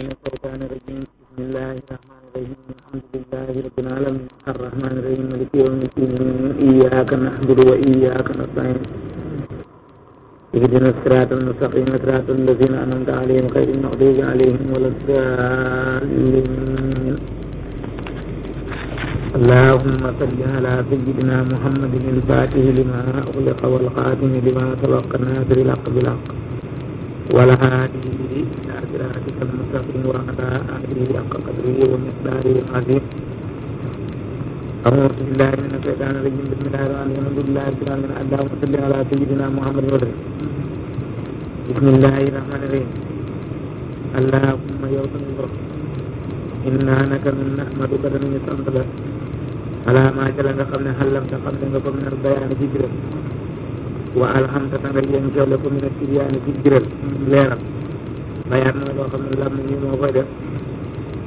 من الشيطان الرجيم بسم الله الرحمن الرحيم الحمد لله رب العالمين الرحمن الرحيم مالك يوم الدين إياك نعبد وإياك نستعين اهدنا الصراط المستقيم صراط الذين أنعمت عليهم غير المغضوب عليهم ولا الضالين اللهم صل على سيدنا محمد الفاتح لما أغلق والقادم لما سبق الناصر الحق بالحق والهادي به تعبير عاتق المستقيم وعلى آله حق قدره ومقداره العظيم أعوذ بالله من الشيطان الرجيم بسم الله الرحمن الرحيم الحمد لله رب العالمين اللهم صل على سيدنا محمد وسلم بسم الله الرحمن الرحيم اللهم يوم الظهر إنا لك من نحمدك من استنطلق على ما جلد قبل حلمت قبل من البيان فكرا وألهمت تنبيا كلكم من السريان فكرا ليلا mayaat na loo xam ne lam moo koy def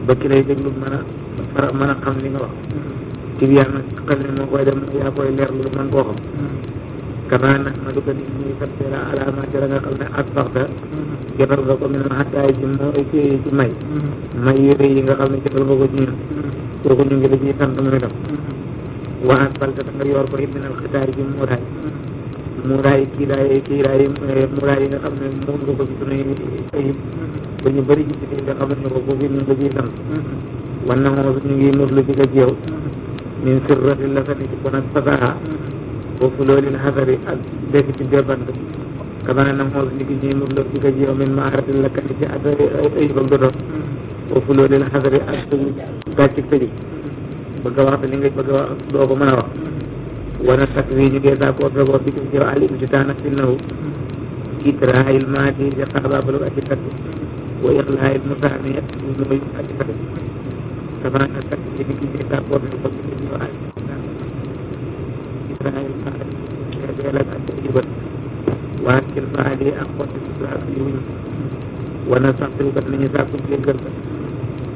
ba ki lay déglu mën a fara mën a xam li nga wax ci biir nag xel ne moo koy def yaa koy leerlu man koo xam kamaa nag ma duka nit ñuy fàtte la alama ci la nga xam ne ak faxta jotal nga ko mel na xattaay ci mooy ci may may yu rëy nga xam ne jotal nga ko ci ñun kooku ñu ngi la ciy sant muy def waxaat balta nga yor ko it minal xitaay ci muuraay muuraay kiiraay kiiraay eh, muuraay yi nga xam ne moom nga ko ci sunuy ayib ba ñu bëri ci biir nga xamat ne ko kooku ñu ngi ciy sant wan na moom ñu ngi muslu ci ka jeew min sirrati lasani ci kon ak fasaha boofu loolu la xasari ak dekk ci bébant kamana na moos ni ki ñuy muslu ci ka jeew min maarati lakkani ci asari ayibam dotoon boofu loolu la xasari ak tëju gàcc tëju bëgg a wax te li nga bëgg a wax doo ko mën a wax wala takwiiji de sa ko fego bi tum cewa al ibtitana sinnahu itra'il maati je qababalu ati kat wa iqla'il musamiyat moy ati kat sabana takwiiji de sa ko fego bi tum cewa al itra'il maati je bela ati ibat wa akil a ak xot sa fi wala sa ko kat ni sa ko jéggal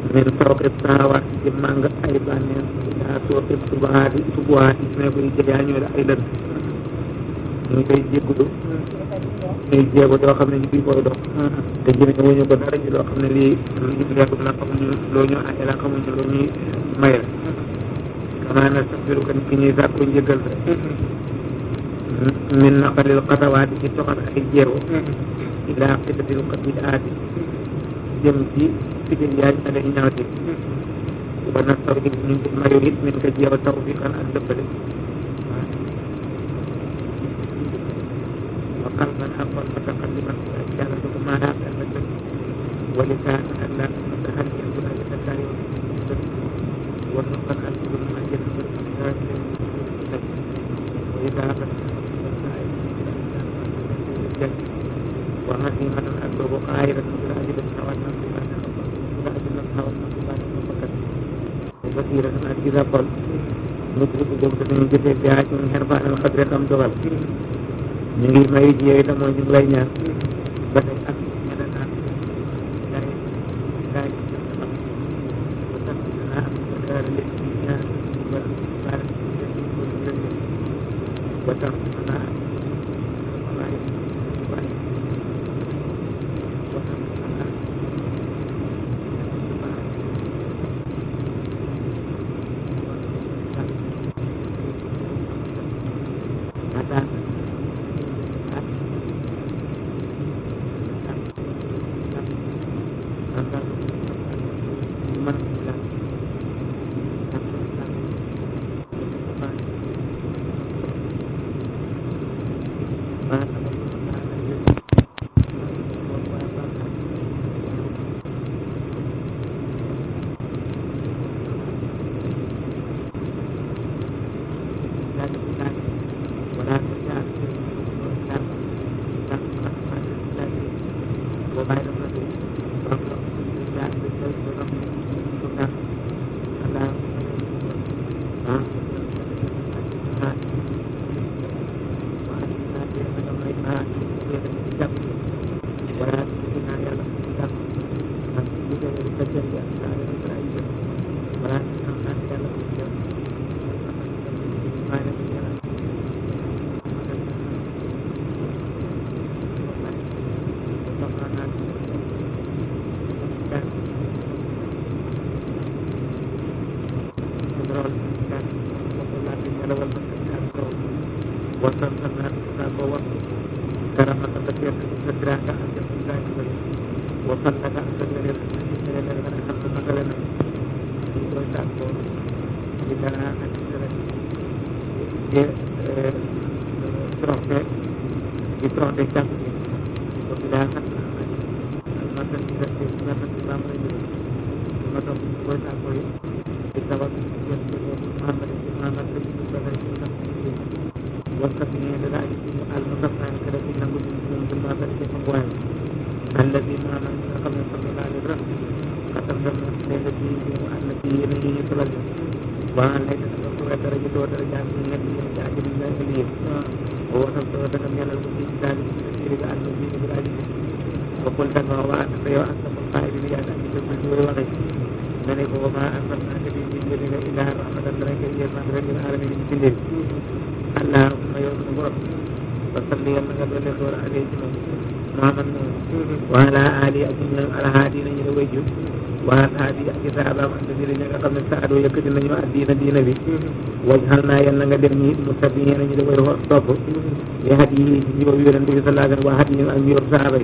min fawqi saawaati ci màng ay bànneen ila suuqi subaati subaati ne koy jëjaañoo la ay lënd ñu koy jéggulu ñuy jéego yoo xam ne ñu ngi koy dox te jëriñ wuñu ko dara ci loo xam ne lii luñu leegum la xamuñu loo ñu aye la xamuñu loo ñuy maye kamaa nastaxfiru kan ki ñuy sàkku njëggal la min naqalil xatawaati ci toxal ay jéego ila xitatil xatiaati jëm ci sigil yaay xale yu ñaaw teg wa nastawrib min ci mayu it min ko jeew tawfiqan ak dëppale wa qalban xaqan mutaqaddiman ak jàllatu ko maanaam ak dëpp wa lisaan ak laa mutaxal yan bu ak tasaari wa nuqan ak bu ma jël wa idaaba wa hasimanan ak boobu qaayran basira xanaa di gisal xol musriku boobu danañu gisee biaa ci ñun xerbaanan xadre xam dogal ñu ngi mayu ji yooyu tamoo ñu lay ñaan ba tey ak Bye-bye. وقل تكفى وأنت وأنت القائل بي أن أنت المنزور وغير ذلك وما أرسلناك به من جبل إلا رحمة لك هي الرحمة للعالمين من جبل اللهم يوم الظهر وصلي وسلم وبارك عليه محمد وعلى آله أجمعين على هذه نجد وجه وعن هذه كتابا والذين قبل سألوا يكتب من يؤدين دين به واجعلنا يلا قدرني متبين نجد وجه الصبر بهديه يوم يرن به صلى الله عليه وسلم وهديه أمير صحابه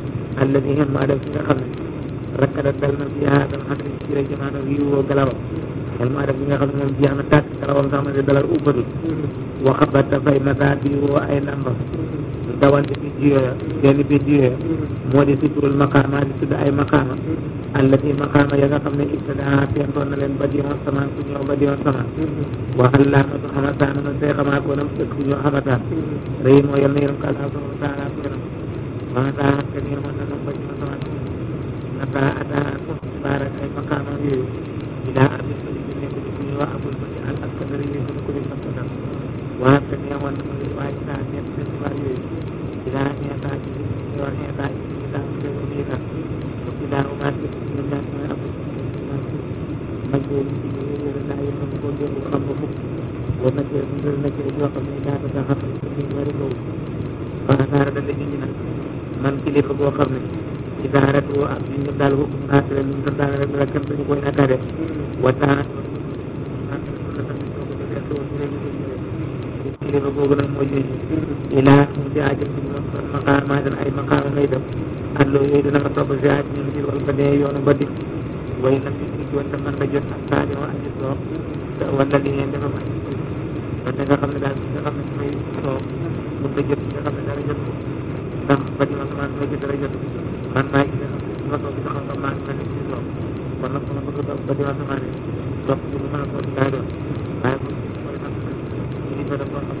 alladi hemma def ki nga xam ne rakkata dal na fi haadal xadri ci la jamono yi woo galawam xelmaa def ki nga xam ne moom jeex na tàkk galawam sax ma ne dalal ubbatul waxabat dafay masaa bi woo ay nambam dawante bi jiyoya seeni bi jiyoya moo di siturul maqaama di tudd ay maqaama allati maqaama ya nga xam ne ibtadaa tentoon na leen ba diyoon sama ku ñëw ba diyoon sama waxal laa ma su xamataan na say xamaa ko nam ëkk ku ñëw xamataan rëy moo yal na yërëm ko allahu taala ko nam وهذا كثير من الأمة المتوسطة لما أتى مبارك مقام إلى أبي السلمي الكتبي وأبو الفتح الأسكندري في كل مكان وهكذا يوم المسلم وإسلام يمسك مريم إلى أن يأتي بالسلمي وأن يأتي بالسلام بالمدينة وكلاهما في سبيل الله من أبو مجد المسلمين لا يملكون له ربهم ومجد المجد وقبل إذا فتح في السبيل ورثوا وأثار الذين man kilifa goo xam ne idaarat woo ak ñu nga daal hukum naatale lu nga daal rek la kenn dañu koy nattaale wataa kilifa googu nag mooy yooyu ilaa mu si ajab ci ñoom maqaamaadan ay maqaama ngay dem àlloo yooyu dana nga topp si aj ñu ngir wal ba dee yoonu ba dik way nag ñu ci wante man nga jot ak taali wa aji toog wala li ngeen defam aji toog wante nga xam ne daal nga xam ne mooy toog mun nga jot nga xam ne daal jot ko man man man ma ci dara jot man maa ngi ci ma toog di taxaw ba maa ngi mel ni ci toog kon nag ma bëgg a toog ba di wax sama ne toog bi ma ko daa doon waaye bu ma ko dafa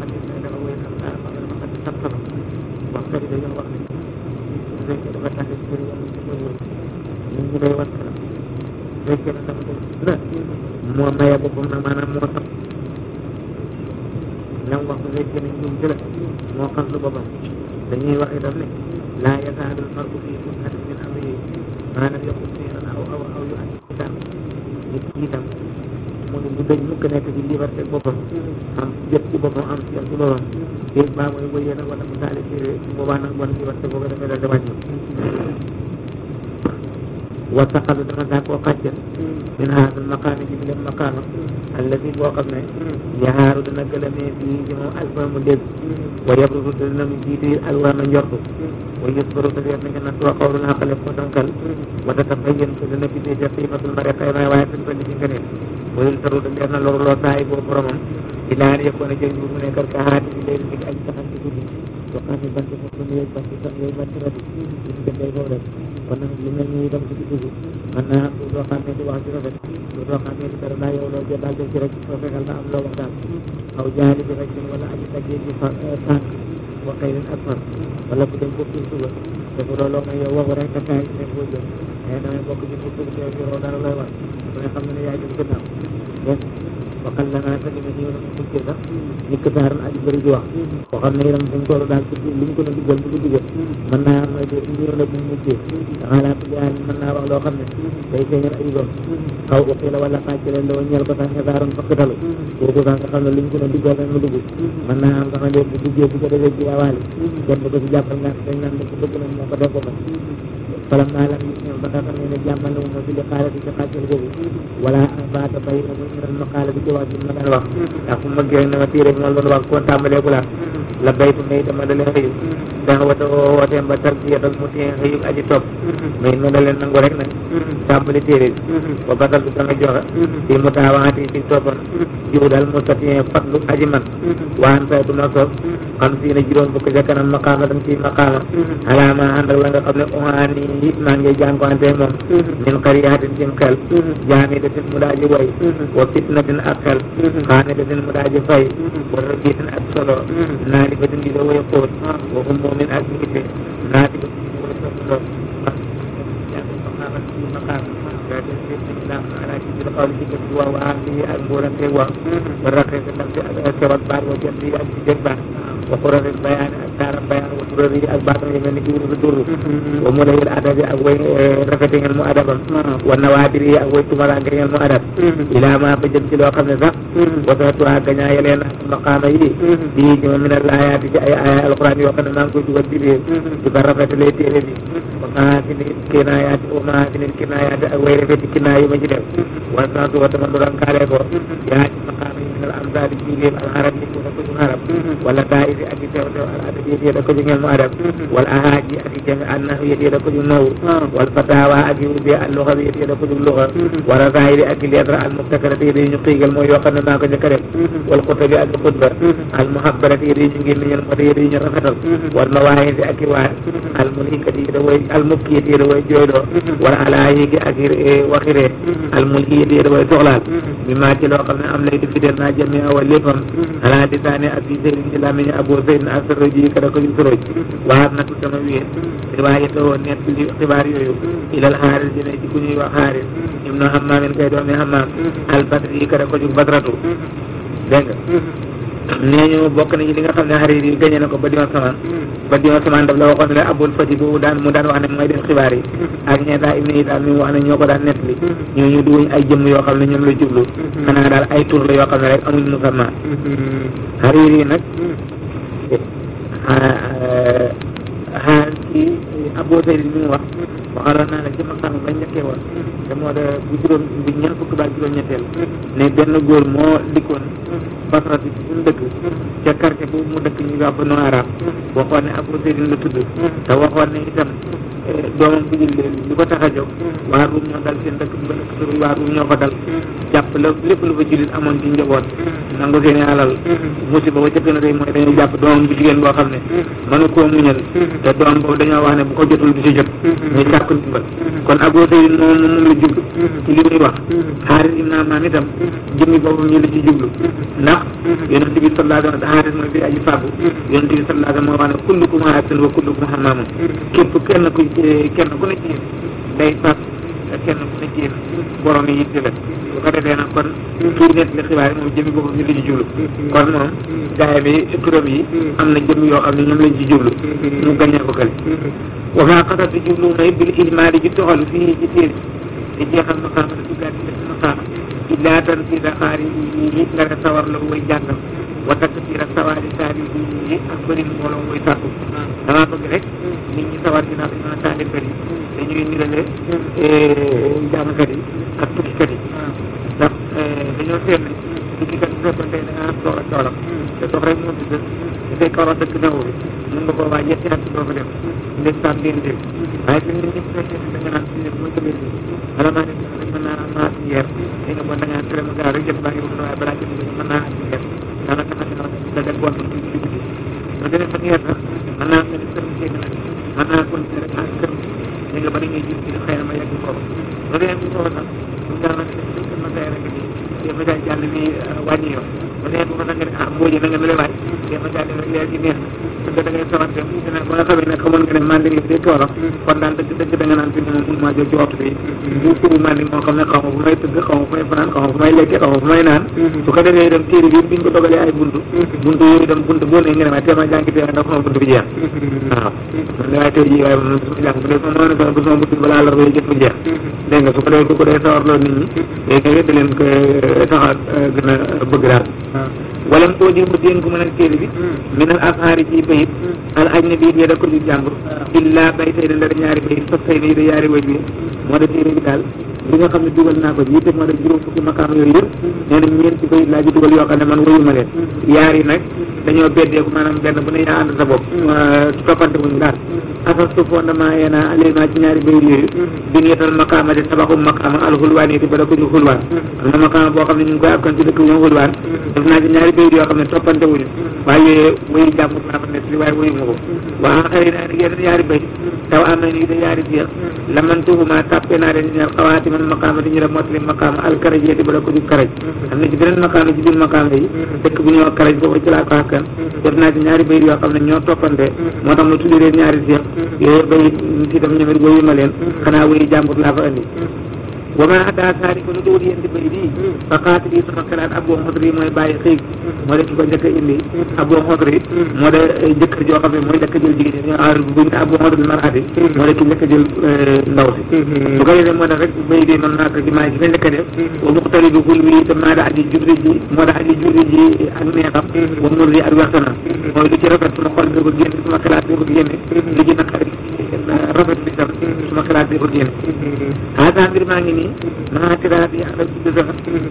boppam dañuy wax itam ne laa yazaalu almar'u fii fitnatin min amrihi maa lam yakun siiran aw aw aw yu ak itam nit ki itam mu ne bu dëñ mukk nekk ci liberté boppam am jot ci boppam am jot baa mooy wëyee nag wala mu taali ci boobaa nag bon liberté boobu dafay dal wasaxalu dafa sàkk wa xàcc min haadal maqaami ji bilem maqaama alladi boo xam ne yahaaru dana gëlëmee fii ci moom alfaamu dégg wa yabrusu te dana mu jiitu alwaana njortu wa yusbaru te dana nga natt wa xawlu naa xale ko dankal wa tatabayyan te dana gisee ca qiimatul mari xay naa waaye tan fandi ci ngëneel wa yultaru te dana loruloo saay boobu boromam ilaa an yakuna jëriñ bu mu nekkal ka haati bi léegi dig aji saxal ci guddi wa xaami bant fa sunuyoy bant sax yooyu bant rati ñu diggante boobu rek kon nag lu mel ni dem ci dugg mën naa doo xam ne du wax ci rafet doo xam ne dara laa yow loo jëlaat ci rek soo fexeel ba am loo wax daal aw jaari bi rek wala aji tagge ji fa tànk eh, wa xëyrin ak far wala bu dem bokk ci suba te bu looloo may yow waxu rek nga fexe ci nekk boobu mais damay bokk ci bokk ci yow dara lay wax ba nga xam ne yaa ngi gannaaw waxal na naa sax dina ñëw nag suñu na nekk saaran ak bëri di wax waxal na itam suñ toll daal ci li ñu ko na diggal bu ko digal mën naa am na de ñëw na bu mu muccee xalaat yaay mën naa wax loo xam ne day feeñal ay doom xaw wala xàcc leen la ñeel ko sax nga saaroon fakkatalu kooku sax nga xam ne li ñu ko na diggal rek mu dugg mën naa am sax na de bu duggee bu ko defee ko si jàppal nga dañ naan ko bëgg nañ moo ko def ko fa falam naa ba nga xam ne ne ma ci départ bi ci xàjjil boobu wala am baata bay na bu ñu maqaala bi ci wax ji ma daan wax ndax bu ma gën na téere bi ma doon wax kon tàmbalee la la bay tu may dama dalee xëyub daa wata woo wooteem ba tarbiyatal mu tee xëyub aji topp may ma dalee nangu rek nag tàmbali téere bi ba basal du dama joxe fi mu taawaati ci toppan jiw daal mu satien fatlu aji man waan say du ma soog xam si ne juróom fukk ca kanam maqaama tam ci maqaama alaama ànd ak la nga jëflante moom mm-hmm. min qariyatin cim xel mm-hmm. jaamidatin mu daaji way mm-hmm. wa fitnatin ak xel xaanidatin mu daaji fay wa rajitin ak solo naalibatin di da way xóot ah. wa ummumin ak nite naatibatin di way solo wa wa xurari bayaan ak taaram bayaan wa surari ak baatam yu mel ni ci wa mm-hmm. mu layil adabi ak way eh, rafeti ngeen mu adabam mm-hmm. wa nawaadiri ak way tumaraange ngeen mu adab mm-hmm. ilaa ma ba jëm ci loo xam ne sax wasatuwaa gañaa yeleen maqaama yi di ñoo min al ayaati ci ay aya alquran yoo maa ngi koy dugal ci biir di ko bi wa maasini kinaayaati wa maasini ak way rafeti kinaa yu ma ci def wa santu wa tama minal amsali jigéen al arabi ko ko ñu arab wala taisi ak tew tew al adabi yede ko ñu ngel mu adab wal ahaji ak jami an nahu yede ko ñu naw wal fatawa ak yurbi al lugha yede ko ñu lugha wa rasaili ak letra al mubtakarati yede ñu xigal mooy yoo xam ne maa ko njëkk a def wal xutba ak xutba al muhabbarati yede ñu ngeen ñal mota yede ñu rafetal wal mawahidi ak wa al mulikati yede way al mubkiyati yede way jooyloo wal alayi ak waxire al mulkiyati yede way soxlaal mi ma ci loo xam ne am lay di fidel naa ma jamia wa léppam ala lisaani abi zeydin a làmmiñu abu zeydin a kada ko isroj waab natu sama wéet riwaayatoo nett li xibaar yooyu ilal xaaris dina ci ku ñuy wax xaaris ibnu hammaamin kay doomi hammaam al badri kada ko jug badratu dégg nga nee ñu bokk nañu li nga xam ne xarit yi gañe na ko ba diwa samaan mm. ba diwa samaan daf la waxoon ne abul fati boobu daan mu daan wax ne mooy dem xibaar yi mm. ak ñeetaa ibne itaal mi wax ne ñoo ko daan nettali mm. ñooñu du wuñ ay jëmm yoo xam ne ñoom la jublu mm-hmm. xanaa daal ay tur la yoo xam ne rek amuñ musamma mm-hmm. xarit yi nag ah, euh, xanaa ci Abuu Zayd li muy wax waxaloon naa nag ci xam-xam bañ nekkee woon te moo de bu juróom bu ñeent fukk baal juróom-ñetteel ne benn góor moo dikkoon Basra bi fi dëkk ca quartier boobu mu dëkk ñu wax ko Noirab waxoon ne Abuu Zayd la tudd te waxoon ne itam doomam bu jullee lu ko tax a la lépp lu jullit amoon ci njaboot nangu seen i alal musiba ba ca gën a rëy mooy dañuy jàpp doomam bu jigéen boo xam ne mënu muñal te doom boobu dañoo wax ne bu ko jotul du ci jot muy mm-hmm. sàkku ba mm-hmm. kon Abu Zayd moom moom la jublu mm-hmm. li muy wax xaaris ibn Ammaam itam jëmmi boppam ñu la ci jublu ndax yonent bi sallallahu alayhi wa sallam xaaris mooy fii aji fàggu yonent bi sallallahu alayhi wa sallam moo wax ne kullukum aatun wa kullukum hammaamun képp kenn ku kenn ku ne ci day fàggu te kenn ku nekk yéen borom yi yitte la bu ko defee nag kon kii nekk xibaar yi moom jëmmi boppam ñu ngi jublu kon moom gaay bi yi am na jëmm yoo xam ne ñoom lañ ci jublu ñu gañee ko kale wa maa xasatu jublu mooy bil ijmaali ji toxalu fii ci téere te jeexal ma xam ne ci gàtt ma xam illaa tan fi daxaari yi nga sawar la wa takasira sawaari taalib yi ak bëri mbooloo mooy tàggu damaa bëgg rek nit ñi sawar ginnaaw dañu mën a bëri dañuy nirale jàngkat yi ak tukkikat yi ndax dañoo e, seetlu tukkikat bu fekkoon tey da nga am soxla toolam te sox rek moo tudd bu fekk war a dëkk nawu bi mën nga koo waaj ñetti at ko def ndeysaan bien dégg waaye fi nit ñi fekkee da nga naan suñu mooy sa biir bi ala maa ne mën naa am naa yeer చాలా చదువుకోవాలి ప్రజల సమయాన అలా పరిశ్రమించిన అలా కొంచెం కార్యక్రమం నేను మరి ఆయన మయ్యకు ఉదయం కూడా ఉండాలని చూస్తున్న తయారీ ఎవరి వాణి bu nee bu mën na ngeen ah mbooji na ngeen lewaay te ma caa dem rek ci neex na da ngay sawante mu ne ba nga xamee ne xamoon nga ne manding bi day tooro kon daal dëgg dëgg da nga naan fi ne moom mënumaa jóg ci waxtu bi bu subu manding moo xam ne xaw ma fu may tëgg xaw ma fu may fanaan xaw ma fu may lekke xaw ma fu may naan su ko defee itam téere bi biñ ko dogalee ay buntu buntu yooyu itam buntu boo nee nga ne ma teel ma jàngi teel ndax sama buntu bi jeex waaw man li waay tey jii waaye moom su ma jàng bu dee sama mën a bu sama buntu bi balaa la koy jëf mu jeex dégg nga su ko defee ku ko dee sawarloo nit ñi léegi nag da leen ko tax eh, a eh, gën a bëgg daal walam tuujibu dénku ma nag téere bi hmm. min al ashaari ci bayit hmm. al ajnabi yada ko ju jàmbur illa ñaari bayit fas tay na da yaari way bi moo da téere bi daal li nga xam ne dugal naa ko ji te moo da juróom fukki maqaam yooyu yëpp hmm. nee na ñeenti bayit laa ji dugal yoo xam ne man wayuma leen yaar yi nag dañoo beddeeku maanaam benn bu ne yaa ànd sa bopp toppante wuñu daal afastu fondement yeena alima ci ñaari bayit yooyu duniyatal maqaama di tabaxu maqaama al xulwaan yi di ba da ko ñu xulwaan am na ne ñu ngi def naa ci ñaari béy yoo xam ne toppante wuñu waaye yooyu wuyu jàmbur naa ko nekk li waa xëy yeneen ñaari béy taw am na ni da ñaari biir lamantuhuma tàppe naa leen ñeel xawaati man maqaama di ñu la mottali maqaama alkaraj yee di bala ko jub karaj am na ci beneen maqaama ci biir maqaama yi dëkk bu ñoo karaj boobu ci laa ko naa ci ñaari béy yoo xam ne ñoo toppante moo tax ma tuddi ñaari biir yooyu béy ci dem ñoom it wuyu leen xanaa wuyu jàmbur laa fa andi wa man adda saari ko lu dul yéen di bay bii fa xaati yi sama xalaat aboo xodri yi mooy bàyyi xiig moo de ki ko njëkk a indi aboo xodri moo de eh, jëkkër joo xam ne mooy njëkk a jël jigéen ñi ar buñ ne aboo xodri marati moo de ki njëkk a jël eh, ndaw si bu ko defee moo ne rek bay bi man naa ko ci maa ci mel nekk def wa muxtari bi xul wi te maa da aji jubri ji moo da aji jubri ji ak neexam wa mur yi ak wertanam mooy lu ci rafet sama xol bi ko génne sama xalaat bi ko génne lu ci naqari eh, rafet bi tam sama xalaat bi ko génne maa ci daal di yàlla ci biir sax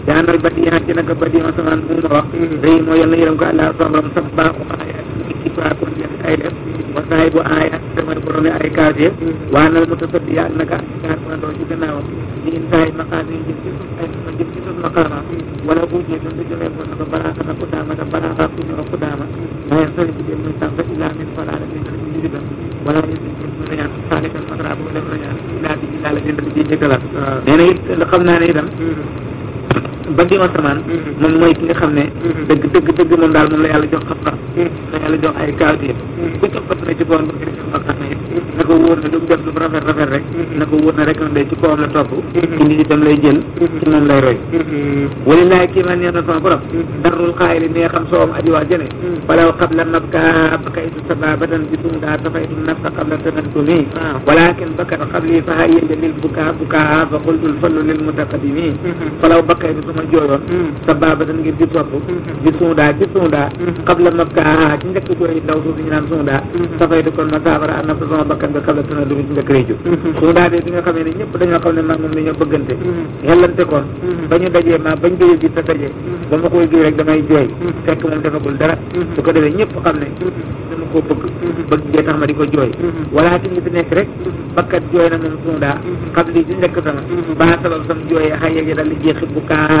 daanaka badi yaa ci naka badi ma sama mu ma wax. rëy mooy yàlla yërëm ko àllaa sabram sax baaxu aaya ci ci baaxu def ay def. wasaay bu aaya damay borom ay kaas yëpp. waanal mu tësat yàlla naka ak kaas ma doon ci gannaawam. di intaay maqaam yi jëm ci suuf ay ma jëm ci suuf maqaama. wala bu jëm di jëlee ko naka baraaka na ku daama na baraaka ku ñëw ku daama. waaye sori bu jëm muy tànk ilaa min falaala min wala ci kalam euh, nee na it xam naa ne itam mm-hmm. bajjinu asamaan mm-hmm. moom mooy ki nga xam ne mm-hmm. dëgg dëgg dëgg moom daal moom la yàlla jox xam-xam mm-hmm. la yàlla jox ay kawtéef ku coppat na ci boon bëgg def xam-xam ne na ko wóor ne lu mu def lu mu rafet rafet rek na ko wóor ne rek na ci kawam la topp ci nit itam lay jël ci moom lay roy wala laay kii man ñeen na sama borom darul xaayili nee xam soowam aji waa jëne wala xab la nab kaa bakaytu sababatan bi sumu daa tafaytu nafsa xam la tanantumi ah. walakin bakat xab lii faha yénde lil bukaa bukaa fa qultul suma jooyoon mm. sa babatan ngir di topp mm-hmm. di suunda ci suunda mm-hmm. qabla mabkaaha ci njëkk koy daw suuf ñu naan suunda mm-hmm. safaytu kon ma saafara an nafsa sama bakkan nga qabla tana dumi ci njëkk réju suunda de bi nga xamee ne ñëpp dañoo xam ne maag moom dañoo bëggante xellante kon ba ñu ma jooy xay yegi dal li jeexi kaa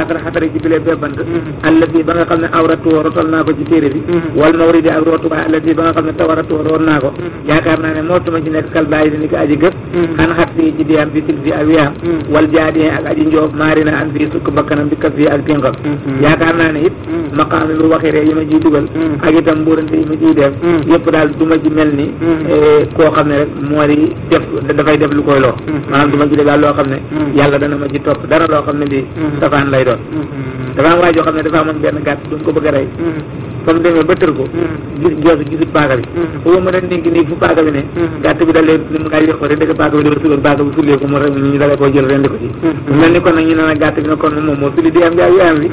ma xatar xatari ci bile bebant allati ba nga xam ne awratuwoo rotal naa ko ci téere bi wala nawri di ak rootuba allati ba nga xam ne tawaratuwoo roon naa ko yaakaar naa ne mootuma ci nekk kal bàyyi ni ko aji gëf xan xat fii ci diyam bi til fii ak wiyaam wal jaadiyee ak aji njoof maarina am fii sukk bakkanam bi kaf fii ak tinqam yaakaar naa ne it maqaam lu waxiree yi ma ciy dugal ak itam mbuurante yi ma ciy def yëpp daal du ma ci mel ni koo xam ne rek moo di def dafay def lu koy lor maanaam doon mm-hmm. dafa am waay joo xam ne dafa amoon benn gàtt duñ ko bëgg a rey mm-hmm. fa mu demee ba tër ko mm-hmm. gis joosu gisul paaka bi foofu mën a dénk nii fu paaka bi ne gàtt bi dalee ni mu ngaa yëqoo rek ndeke ko mu mu mel ni kon nag ne nag gàtt bi nag kon moom moo fili di am jaay yaayam bi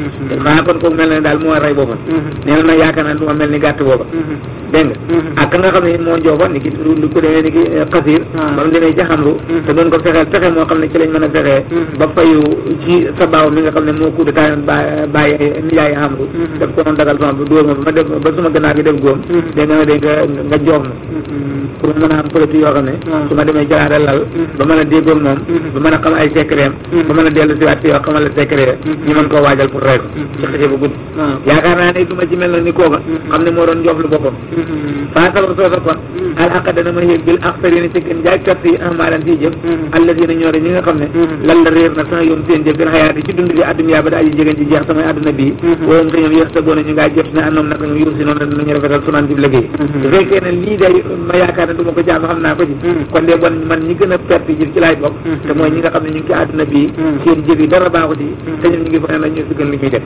maanaam kon kooku mel na daal moo rey boppam nee na nag naa du mel ni gàtt booba dégg ak ka nga xam ne moo njooba ni ki lu ko demee ni ki xasiir euh, ah. ba mu demee jaxamru te doon a sama coup mm-hmm. ko doon dagal sama ma ba ma def ba suma gannaaw gi def góom mm-hmm. dégg nga dégg nga nga jox ma mm-hmm. pour ma mën a am politique yoo xam ne su ma demee jalaare lal ba mën a déggoon moom ba mën a xam ay secret ba mën a dellu si waat yoo xamal la secret ñu mën koo waajal pour rey ko ci xëcc bu gudd ah. yaakaar naa ne du ma ci mel na ni kooka xam ne moo doon joxlu boppam faa sabar soosa kon al dana ma yëg bil axtari ni ci gën jaaykat yi amaalan siy jëf allazina ñoore ñi nga xam ne lan la réer na sama yoon seen jëf dil xayaati ci dund bi addum yaa ba daaji jegéen ji jeex tamay àdduna bi waoon te ñoom yos ta boona ñu ngaa jot ne andoom naka ñu yuusi noonu danañu rafetal sunaan jib liggéey mm-hmm. su fekkee ne lii day ma yaakaar ne du ko jaam xam naa ko ci mm-hmm. kon de bon man ñi gën a perte ji ci laay bokk mm-hmm. te mooy ñi nga xam ne ñu ngi àdduna bi seen jëf yi dara baaxu ci te ñu ngi fa ne la ñu si gën li ñuy def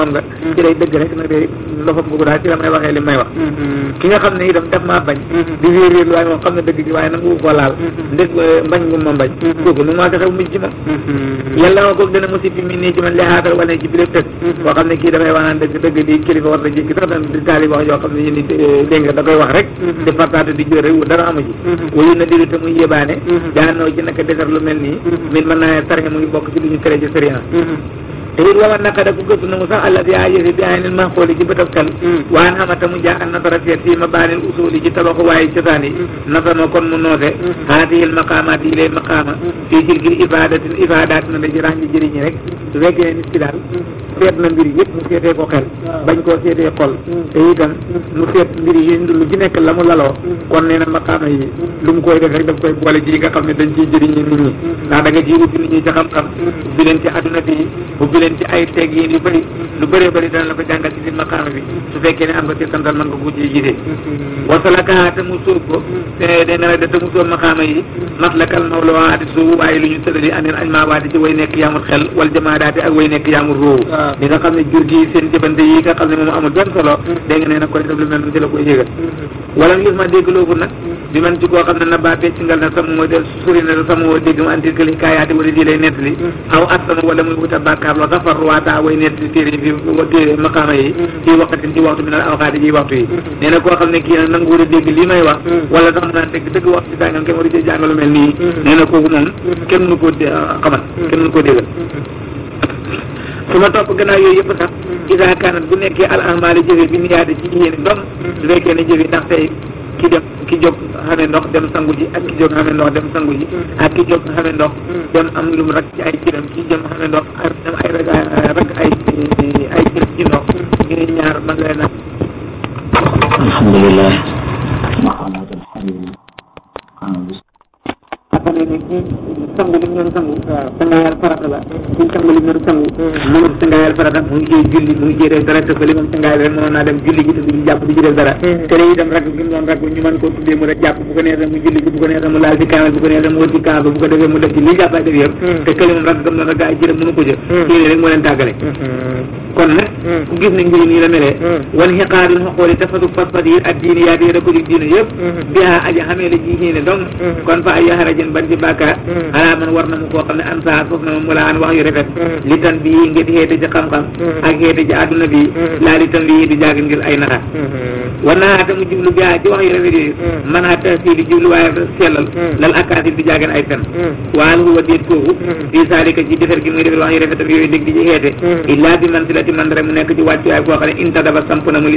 noonu la ci lay dëgg rek na de loxo googu daal ci la may waxee li may wax mm-hmm. ki nga xam ne itam daf maa bañ mm-hmm. di wéer wéer waaye moom xam ne dëgg gi waaye nangu ko laal ndég mm-hmm. mbañ gu ma mbañ kooku nu maa taxaw mujj ci man yàlla ma kooku dana musib bi mi nii ci man lihaatar wala xam ne kii dafay wax naan dëgg dëgg di kilifa war na jékki sax dan di taali wax yoo xam ne yéen eh, da koy wax rek di fartaatu di jóor rek wu dara amu ci wayu na te muy yébaane jaanoo ci naka defar lu mel nii min mën naa tarxe mu ngi bokk ci lu ñu tere sayid wama naqada ku gëstu na mu sax allah yaa yëfi bi aynil manxooli ci bëtaskal hmm. waan xamata a jaa a nasara fiet fii ma baanil usuli ci tabaxu waaye cosaan yi hmm. nasama kon mu noose haatihi l maqaamaat yi lay maqaama fii jirgil ibadatin ibadaat na da ci rax ñi jëriñi rek su fekkee nit ki daal seet hmm. na mbir yëpp mu seetee ko xel bañ koo seetee xol te itam mu seet mbir yi lu ci nekk la mu laloo kon nee na maqaama yi lu mu koy def rek daf koy boole ci yi nga xam ne dañ ciy jëriñi nit ñi ndax da nga ci nit ñi ci leen ci ay teggin yu bëri lu bëree bëri dana la ko jàngal ci biir maqaama bi su fekkee ne am nga seetantal mën nga ko ci gisee wasalaka te mu sóob ko te day na da te mu sóob maqaama yi ne da nga mm-hmm. ci la koy yëgal mm-hmm. wala ngis ma dégg loogu nag bi man ci koo xam ne na ba peccingal na sam mooy del suri na da sam dégg ma antir kali kaayaati wala di lay nettali mm-hmm. aw asama wala muy wuta bàkkaar xafar waata way nett téere fi téere maqaama yi fii mm-hmm. waxatin ci waxtu bi nag awxaati ji waxtu yi mm-hmm. nee na koo xam ne kii nag nanguwul a dégg lii may wax mm-hmm. wala sax mu naan dëgg dëgg waxtu bi sàngam kenn war a jàng lu mel nii nee na kooku moom kenn mënu koo xamal kenn mënu koo déggal su ma topp gannaaw yooyu yëpp sax isaa kaanat bu nekkee al amaali jëfe bi niyaate ci yéene dom su fekkee ne jëfe ndax tey ki dem ki jóg xame ndox dem sangu ji ak ki jóg xame ndox dem sangu ji mm. ak ki jóg xame ndox mm. dem am lum rak ci ay cëram ki jëm xame ndox ay rak ay ay cër ci ndox ngir mm. ñaar man leen ak alhamdulilah maxamadan xalim sangu li mu doon sangu sangaayal farata la bu sangu li mu doon sangu mënul sangaayal farata mu ngi ciy julli mu ngi ciy dara te ba li moom sangaayal naa dem julli ji te jàpp du def dara eh. te léegi itam ragg gi mu doon ragg ñu mën koo tuddee mu rek jàpp bu ko neexee mu julli ji bu ko neexee mu laal ci kaamel bu ko neexee mu wër ko defee mu def ci hmm. hmm. moo leen tàggale hmm. kon nag ku gis ne njëriñ yi la melee wan xiqaaril xoqooli tafatu fatfat yi ak diine yaa di rek ko di diine yëpp biaa aja xamee la ji ala man war na mu koo xam ne an saa foofu na moom wala an wax yu rafet mm. li tan bii ngir xeeti ci xam-xam mm. ak xeeti ci àdduna bi mm. laa li tan bii di jaag ngir ay naxa mm-hmm. war naa te mu jublu gaa ci wax yu rafet yi man a fii di jublu waaye sellal lal muy rafet wax yu rafetam yooyu dégg di ci xeete illaa bi man si la ti man rek mu nekk ci wàccu waay koo xam ne inta daba samp na mu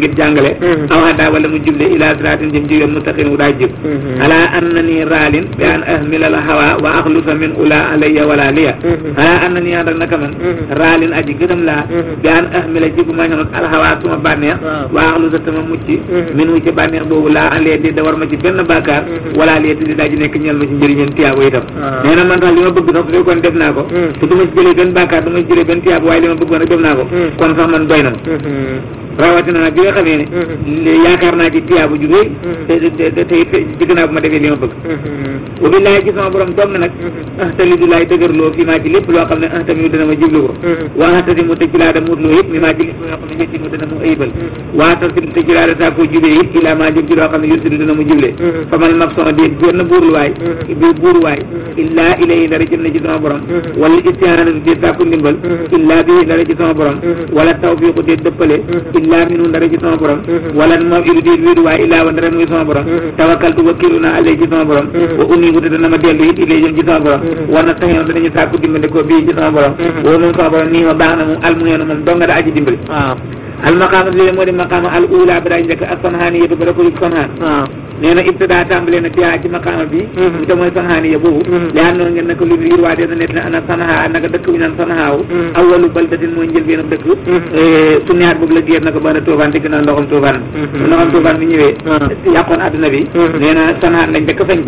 ngir jàngale aw hadaa wala mu juble ilaa siraatin jëm ci yoon mustaqim wu daa jëf mm-hmm. ala an nii raalin bi an ahmilal waa lu axlusa min ula alayya wala liya mm-hmm. ha annani an rak naka man mm-hmm. raalin aji gërëm laa mm-hmm. bi an ahmila ci bu ma ñonot alxawa suma bànneex wa axlusa tama mucc min wu bànneex boobu laa alee di da ma ci benn bàkkaar wala liya te di daa ji nekk ñeel ma ci njëriñeen tiyaabo itam nee na man tax li bëgg sax su fekkoon naa ko te du ma ci jëlee benn bàkkaar du ma ci jëlee benn tiyaabo waaye li bëggoon rek def naa ko kon sax man doy na rawatina nag bi nga xamee ne mm-hmm. yaakaar naa ci tiyaabu ju rëy mm-hmm. te te bëgg naa bu ma defee li ma bëgg mm-hmm. wa billahi ci sama borom doom na nag ahtali du laay dëgërloo fi maa ci lépp loo xam ne ahtamiu dana ma jublu ko waa ahtadi mu tëj ci laa da muurloo yëpp mi maa ci lépp loo xam ne yëtti mu dana mu ayibal waa saa koo jubee yëpp ilaa maa jëm ci loo xam ne yëtti dana mu jublee famal mabson déet wala istihaanatu déet sàkku ndimbal illaa bi dara ci sama borom dëppale illaa minhu ndara ci sama borom mm-hmm. walan moom uridu uridu waaye illaa wa ndara muy sama borom mm-hmm. tawakkaltu wakkilu naa alayhi ci sama borom mm-hmm. wa unibu te dana ma dellu it ilayhi ci sama borom war na taxee noon danañu sàkku dimbali ko bii ci sama borom woo moom sama borom nii ma baax na moom almuheenu moom dong da aji dimbali almaqaama bi moo di maqaama al ula bi daay njëkk ak sanhaaniyatu ba da ko yëg sanhaan nee na ibtidaa tàmbalee na fiyaa ci maqaama bi mm-hmm. te mooy sanhaaniya boobu mm-hmm. yaa ngeen nako lu biir waa dee na net ana sanhaa naka dëkk bi naan sanhaaw mm-hmm. awalu baldatin mooy njëlbeen ab dëkk eh, su neat la géer nako ba na toofaan digg na ndoxam toofaan ñëwee yàqoon adduna bi nee na sanhaan lañ njëkk sañ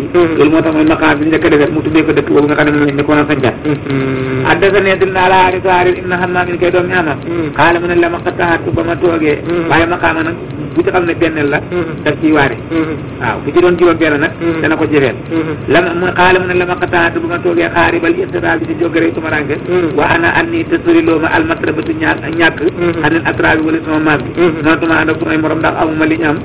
moo tax mooy bi njëkk defee mu tuddee dëkk boobu nga a ba ma toogee mm-hmm. waaye maqaama nag bu ci xam ne benn la mm-hmm. daf ciy waare mm-hmm. waaw bu ci doon juróom benn nag dana ko jëfeel la mu xaala mu ne la ma xataatu bu ma toogee xaari bal istata bi ci jógërey tumaranke wa ana an nii te sori loo ma almatrabatu ñaak ñàkk xanil atrabi wala sama maag bi noonu tuma ànd ak samay morom ndax amuma li ñu am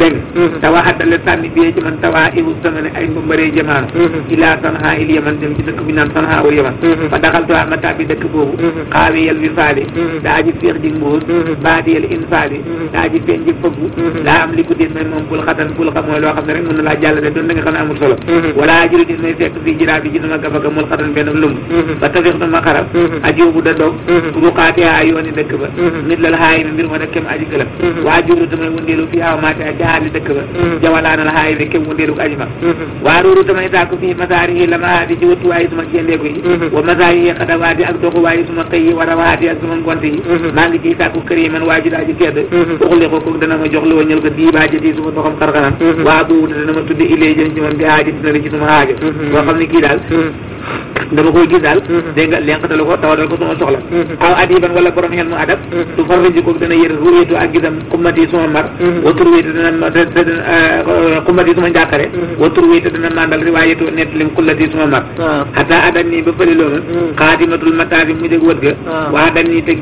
dégg tawaa addale sànni biyee ci man tawaa iwu sama ne ay mbëmbëree jamaano ilaa sanha il yaman dem ci dëkk bi naan sanha ul yaman fa daxal tuwaa ma tàbbi dëkk boobu xaawi yel bi faali daa aji féex ji mbuur naadiyal insaabi mm-hmm. daa ji feeñ ji fëggu daa mm-hmm. am li ko din mooy moom bul xatan bul xam mooy loo xam ne rek mën na laa jàllale doon da nga xam ne amul solo mm-hmm. wala ajiro din mooy fekk fii jiraa bi ci sama gafaga mul xatan benn lumb ba tafix dama xarab ajoobu da dog ruqaate aa yooni dëkk ba nit lal xaayi bi mbir ma da kem aji gëlëm waajuru damay wëndeelu fii aw maate a jaxaali dëkk ba jawalaanal xaayi bi kem wëndeelu aji ma waaruuru damay tàkku fii masaari yi lama haati ci wëttuwaay suma géndeeku yi wa masaari yi xadawaati ak doxuwaay suma xëy yi warawaati ak suma ngont yi maa ngi ciy tàkku kër yi man Mhm. Mhm. dana ma jox li wa ñël ko dii baaje tii suma doxam xarxaram waa bu wuta dana ma tudde illee jëm ci man bi aaji dina la ci suma aajo boo mhm. xam ne kii daal dama koy gis daal dégg nga lenqatalu ko tawadal ko suma soxla aw adiban wala borom xel mu adab tu farriji ko dana yër ruyetu ak gisam xummati suma mar wa turweetu dana dana eh, mandal riwaayetu nettalim kullati suma mar xata ah. adan nii ba fëli looma xaatimatul mataati mu jeg wët ga ah. waa adan nii te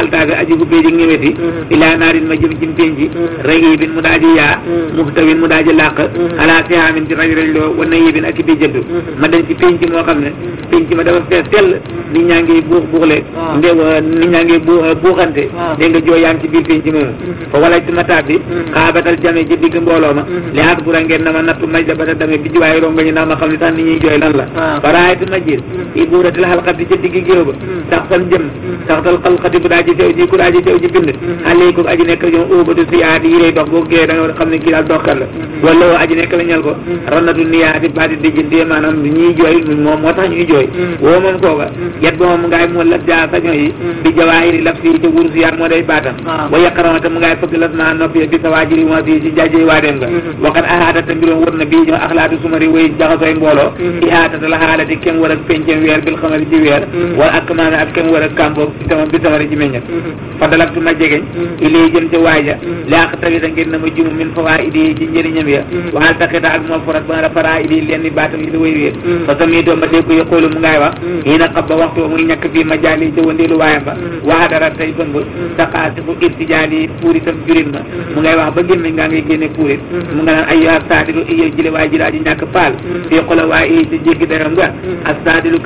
altaaga aji gu peeji ngeweti ilaa naarin ma jëm cim penji mm. rayibin mu daaji yaa mm. muhtawin mu daaji làq mm. ala sihaamin ci raj rajloo wa nayibin ak di jëddu ma dem ci penji moo xam ne penji ma dafa fees tell nit ñaa ngi buux buuxle ndég euh, nit ñaa ngi euh, buuxante dégg nga jooy yaa ngi ci biir penji moomu fa wala ci ma tabbi xaabatal jame ci digg mbooloo ma li at a ngeen na ma nattu maj da bata dame bi jiwaay ronga ñu naa ma xam ne sax nit ñuy jooy lan la a majjid i buuratil xalqati ci digg géew ba sax tal jëm sax tal xalqati bu daa aji teew ji ku aji teew ji bind mm-hmm. aleykum aji nekk ñoom óobatu siyaati yi lay dox boo gee da nga xam ne kii daal doxkat la mm-hmm. wala woo aji nekk la ñal ko mm-hmm. rannatu niyaati baati dijjantee maanaam ñuy jooy moom moo tax ñuy jooy woo moom kooka yet ba moom ngaay mu lab jaa sañoo yi di jawaahiri laf si ca wurus yaa moo day baatam ah. wa yaqaramata mu ngaay fëgg las maa noppi bi sa waajiri ma si si jajjey waadeem nga waxat ahaata ta mbiroom war na bii ñoo axlaatu sumari way jaxasooy mbooloo ihaatata la xaalati kem war ak pencem weer bil xamari ci weer wala ak maanaam ak kem war ak kàmboog ci sama bi samari ci meñ jegeñal fa dalaktu ma jegeñ mm-hmm. ilay jëm ca waaja mm-hmm. laaqa tawita ngir na ma jumu min fa waa idi ci njëriñam ya mm-hmm. waal taqita ak moom forat ba nga a fara idi leen ni baatam yi da way wéer fa sami ma dégg ko yaqoolu mu ngaay wax yi na xab ba waxtu ba muy ñàkk bii ma jaali ca wandeelu waayam ba waxadara tay bëmb saqaati fu irtijaali puuritam jurit ma mu ngay wax ba gémmi ngaa ngay génne puurit mu nga naan ayyuha saadilu iyow jile ji daaji ñàkk paal fii xola i ci jéggi dayam nga as saadilu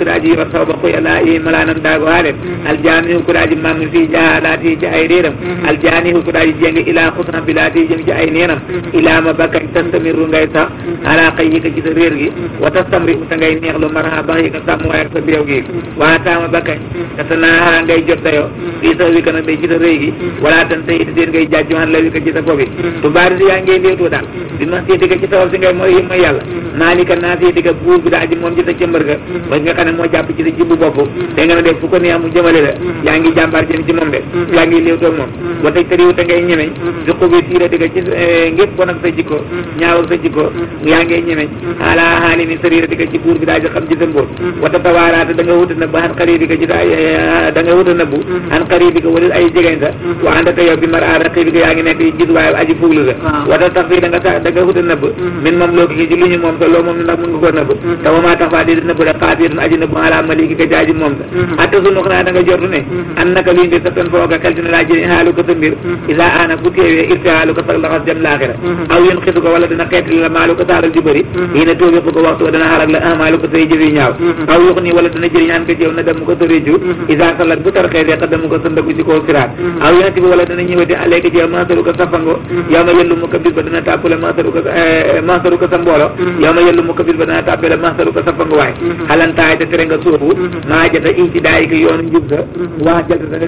fi laati ci ay réeram mm-hmm. aljanihu ko ɗaji jenge ila husna bi laati jëm ci ay nenam mm-hmm. ilama bakkan tastamiru ngay sax mm-hmm. ala kay yika ci sa réer gi wa tastamri u ta ngay neexlu marhaban yika sàmm waaye sa béew gi waataama bakkan te sa naaha ngay jot tayoo fii sa wi kana day ci sa réy gi wala tan tay ita teen ngay jajjo han la wi ka ci sa fobi to baari si yaa ngay léetoo daal bi ma seeti ka ci sabab si ngay mooy ma yàlla maalika ka buur bi ci moom de yaa ngi léew moom wa mm. tey a te ngay ñemeñ mm. di xubi tiira di ko ci ngir bon ak sa jikko mm. ñaaw ak sa jikko yaa ngi ñemeñ xaala xaali ni ci buur bi daa ji xam ci sa wata tawaaraata da nga wuta na bu xan xarii di ko ci eh, da nga wuta na bu xan xarii di ko walil ay jegeñ sa wa ànda te yow bi mar a raqi bi ko yaa ngi nekk gis waaye aji fuglu sa wata tax fii da nga da wuta nëbb min moom loo kii ci lu ñu moom sa loo moom na ndax mun nga ko nëbb te moomaa tax faa ci mbir sa tan fooga kaltina laa jëriñ xaalu ko sa mbir mm-hmm. ila ana bu teewee irtihaalu ko sag laxas jëm laaxira mm-hmm. aw yén xisu ko wala dana xeetali la maalu ko saalal ju bëri mm-hmm. yéen a ko waxtu wa dana xarak ko say jëf yi ñaaw aw yox nii wala dana jëriñ an ko jëw na dem ko sa réju isa salat bu tarxee deqa dem ko sa ndagu ci kaw siraat aw yén ti bi wala dana ñëwati aleeki ci yow masaru ko sa fango yow ma yellu mu ko bis ba dana tàppale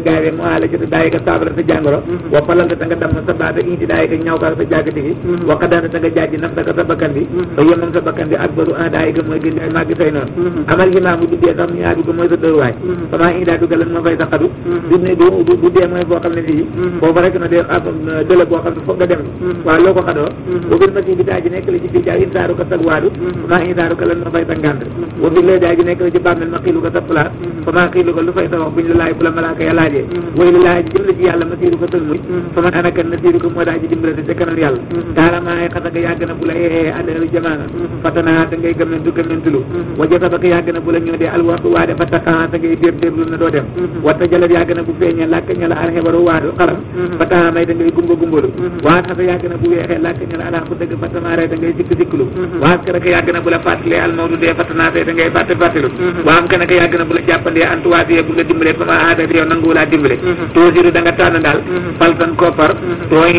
gaay we mu halakita dayi ka sabara sa jangoro mm-hmm. wa palanta tanga damma sa bata indi dayi ka ñaw ka sa jagatigi mm-hmm. wa kadana tanga jaaji nafsaka sa bakkandi fa mm-hmm. yemam sa bakkandi akbaru an ah dayi ka mooy gën màgg say noon amal imamu du dee sax ñaa bi ko mooy sa dëruwaay sama indaa dugal lan ma fay sa xadu du ne du du dee mooy boo xam ne fii foofu rek na dee ab dëla boo xam ne foog nga dem waaw loo ko xadoo wa bir masi bi daaji nekk la ci biir jaay insaaru ka sag waadu sama insaaru ka lan ma fay sa ngànd wa bir lay daaji nekk la ci bàmmel ma xiilu ka sa place sama xiilu ka lu fay sa wax buñ la laay bu la malaaka ya laaj gisee waylu mm. laa jëm la ci yàlla nasiiru mm. ko tëg muj faman anaka nasiiru ko moo daa ji dimbale te ca kanam yàlla taalamaa mm. ay xasaka yàgg na bu la yeexee àddina jamaana fatanaa te ngay gëmmentu gëmmentulu wajata ba ko yàgg na bu la ñoo dee alwaxtu waade fa taqaa te ngay déeb déeblu na doo dem wata jalat yàgg na bu feeñee làkk ña la alxebaru waado xalam fa taamay te ngay gumba gumbalu waat xasa yàgg na bu weexee làkk ña la alaaku dëgg fatamaaray te ngay sikk sikklu waas ka naka yàgg na bu la fàttalee almawdu dee fatanaa te ngay fàtte fàttelu waam ka naka yàgg na bu la jàppandee antuwaasiyee bu la dimbalee fama aadati yow nanguwulaa dimbale toujours da nga tànn daal faltan koppar tooy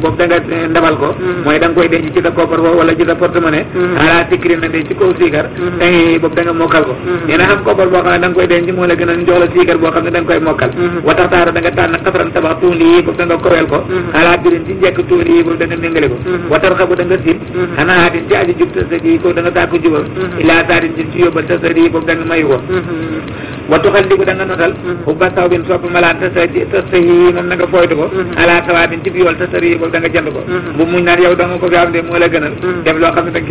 boobu da nga ndabal ko mooy da nga koy denc ci sa koppar foofu wala ci sa porte-monnaie ala tikri na de ci kaw siikar tey boobu da nga mokkal ko nee na am koppar boo xam ne da nga koy denc moo la gën a jox la siikar boo xam ne da nga koy mokkal watax taara da tànn xasaran tabax tuun boobu da nga kowel ko ala birin ci njëkk tuun boobu da nga ko watar xabu da nga siit xanaa ci aji jub ta sa di ko jubal ilaa saatin ci ci yóbbal ta wa tuxalligu dana notal mm-hmm. ubba sawbin sopp malaan ta sa ta yi moom na foytu ko mm-hmm. ala sawaabin ci bi yool ta yi boobu da jënd ko bu mm-hmm. muñ naan yow danga ko fi am de moo la gënal def loo xam ne da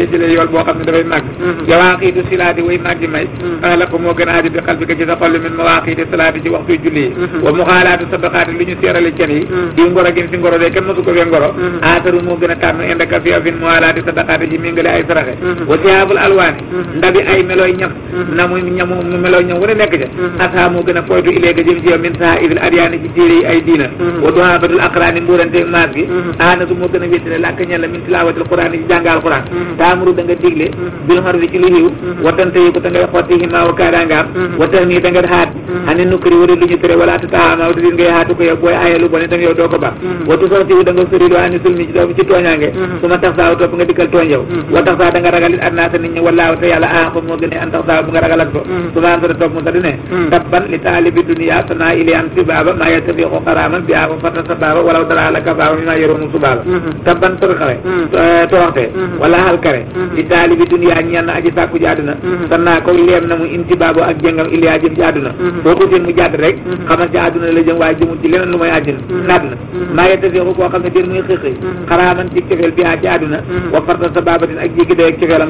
ko moo a xal bi ka ci sa xol min mawaaqiiti salaati ci waxtu julli yi wa muxaalaatu sadaqaati li ñu seerale cen yi di ngoro gin si ngoro de kenn mosu ko fee ngoro aataru moo gën a tànn inda ka fi afin muxaalaati sadaqaati ji méngale ay saraxe wa sihaabul santaane ataa moo gën a foytu iléega jëm ci yow min saha idil adiyaani ci téere ay diina mm-hmm. wa dohabatul aqraani mbuurante maas gi mm-hmm. aana su moo gën a wéttale làkk ñella min tilaawatil quraan yi ci jàng alquran mm-hmm. taamuru da digle bil xarfi ci lu xiw wattante yi ko ta ngay xotti ba nga sori lu ani sulmi ci doo ci tooñaange su ma tax saa topp nga dikkal tooñ yow wa tax saa da nga ragalit adnaata nit ñi wallaahu te yàlla aa a an tax saa bu nga ragalat Mm. tabban li taalibi dunia sana ili an sibaba ma yatabiqu qaraman bi aafu fata sababa walaw dara laka baaba mi ma yoroonu subaba mm-hmm. tabban toroxale mm. eh, toroxte mm-hmm. wala halkare mm-hmm. li taalibi dunia ci àdduna boo ko ci àdduna la jëm waaye jëmul ci leneen lu may àdduna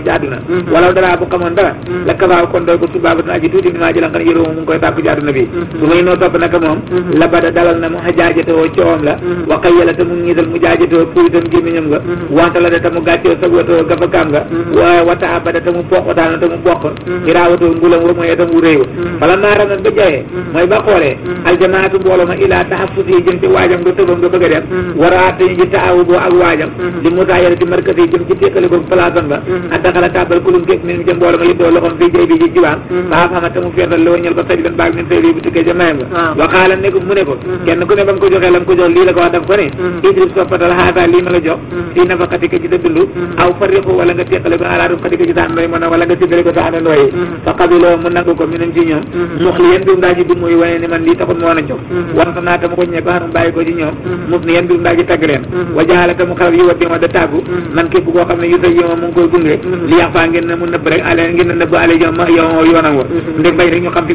àdduna wa dara bu xamoon dara la kabaaw kon doy ko subabatin aji tuuti mi ma jëlan yëru mu ngi koy bàkk ci àdduna bi mhm. su may noo topp naka moom mhm. la bada dalal na mu xajaajatoo coowam la mhm. waqa yàlla te mu ngi dal mu jaajatoo puyitam gémmiñam nga wante la de te mu gàccoo sagwatoo gafakaam nga waaye wataa bada te mu poq daana te mu poq iraawatoo mbulam wa mooy itam wu réew ba jawee mooy ba xoolee aljamaatu mbooloo ma ilaa taxafus yi jëm ci waajam nga tëbam nga bëgg a dem waraa tañu ji taawuboo ak waajam li mu taa yàlla ci markas yi jëm ci a ñel ko sajdat baag min seli bu dikkee ca nayam ga waxaala ne ko mu ne ko mm-hmm. kenn ku ne ba nga ko joxee la nga ko jox lii la ko wax daf ko ne mm-hmm. idrib soppatal xaata lii ma la jox mm-hmm. fii nafaqatika ci sa dund aw fariqu wala nga teqale ko sa àndooy mën a sa àndandoo mu nangu ko minum ci ñoom muxliyan mbirum daa ji du muy wane ni man lii taxul mu woon a jox wanta naa tam ko ñe ko xarum bàyyi ko ci ñoom muf ni yan mbirum daa ji tagg leen wa jaala tam xarab yi wa dima da tàggu man képp koo